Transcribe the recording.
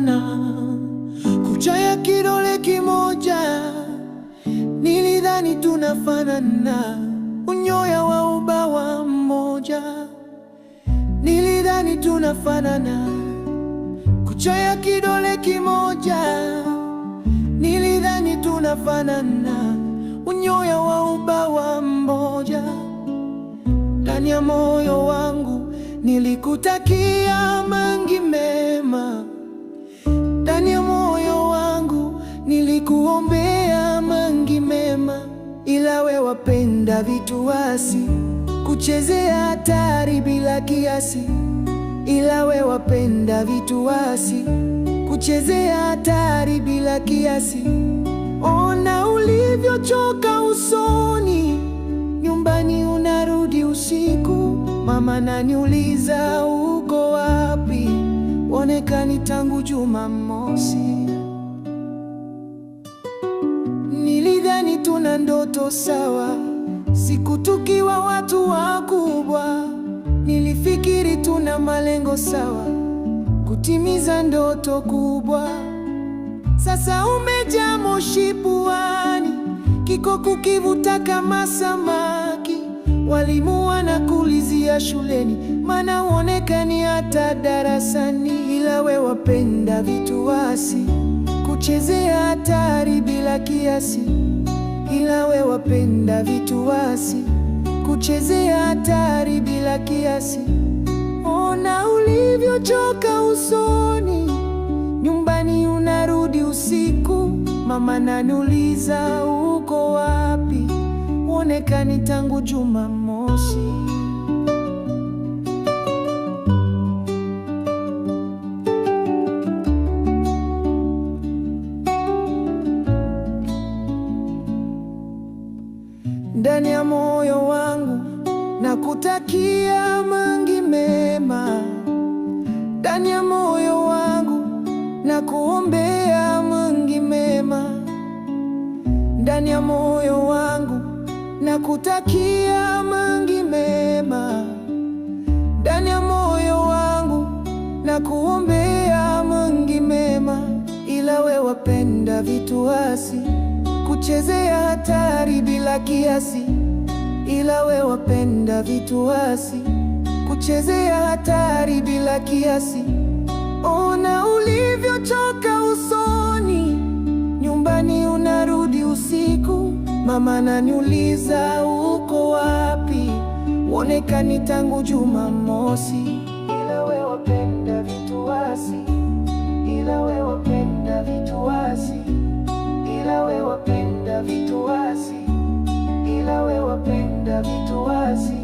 sana, kucha ya kidole kimoja, nilidhani tunafanana, unyoya wa ubawa mmoja, nilidhani tunafanana, kucha ya kidole kimoja, nilidhani tunafanana, unyoya wa ubawa mmoja, ndani ya moyo wangu nilikutakia vitu wasi kuchezea hatari bila kiasi, ila we wapenda wasi kuchezea hatari bila kiasi. Ona ulivyochoka usoni, nyumbani unarudi usiku. Mama naniuliza uko wapi, onekani tangu Jumamosi. Nilidhani tuna ndoto sawa siku tukiwa watu wakubwa, nilifikiri tuna malengo sawa, kutimiza ndoto kubwa. Sasa umejaa moshi puani, kiko kukivuta kama samaki. Walimu wanakulizia shuleni, maana uonekani hata darasani, ila we wapenda vitu wasi, kuchezea hatari bila kiasi ila we wapenda vitu wasi, kuchezea hatari bila kiasi. Ona ulivyochoka usoni, nyumbani unarudi usiku, mama nanuliza uko wapi? Uonekani tangu Jumamosi. ndani ya moyo wangu na kutakia mengi mema ndani ya moyo wangu na kuombea mengi mema ndani ya moyo wangu na kutakia mengi mema ndani ya moyo wangu na kuombea mengi mema, ila we wapenda vitu asi kuchezea hatari bila kiasi, ila we wapenda vitu wasi, kuchezea hatari bila kiasi. Ona ulivyochoka usoni, nyumbani unarudi usiku, mama naniuliza uko wapi, uonekani tangu Jumamosi, ila we wapenda vitu wasi, ila we wapenda así.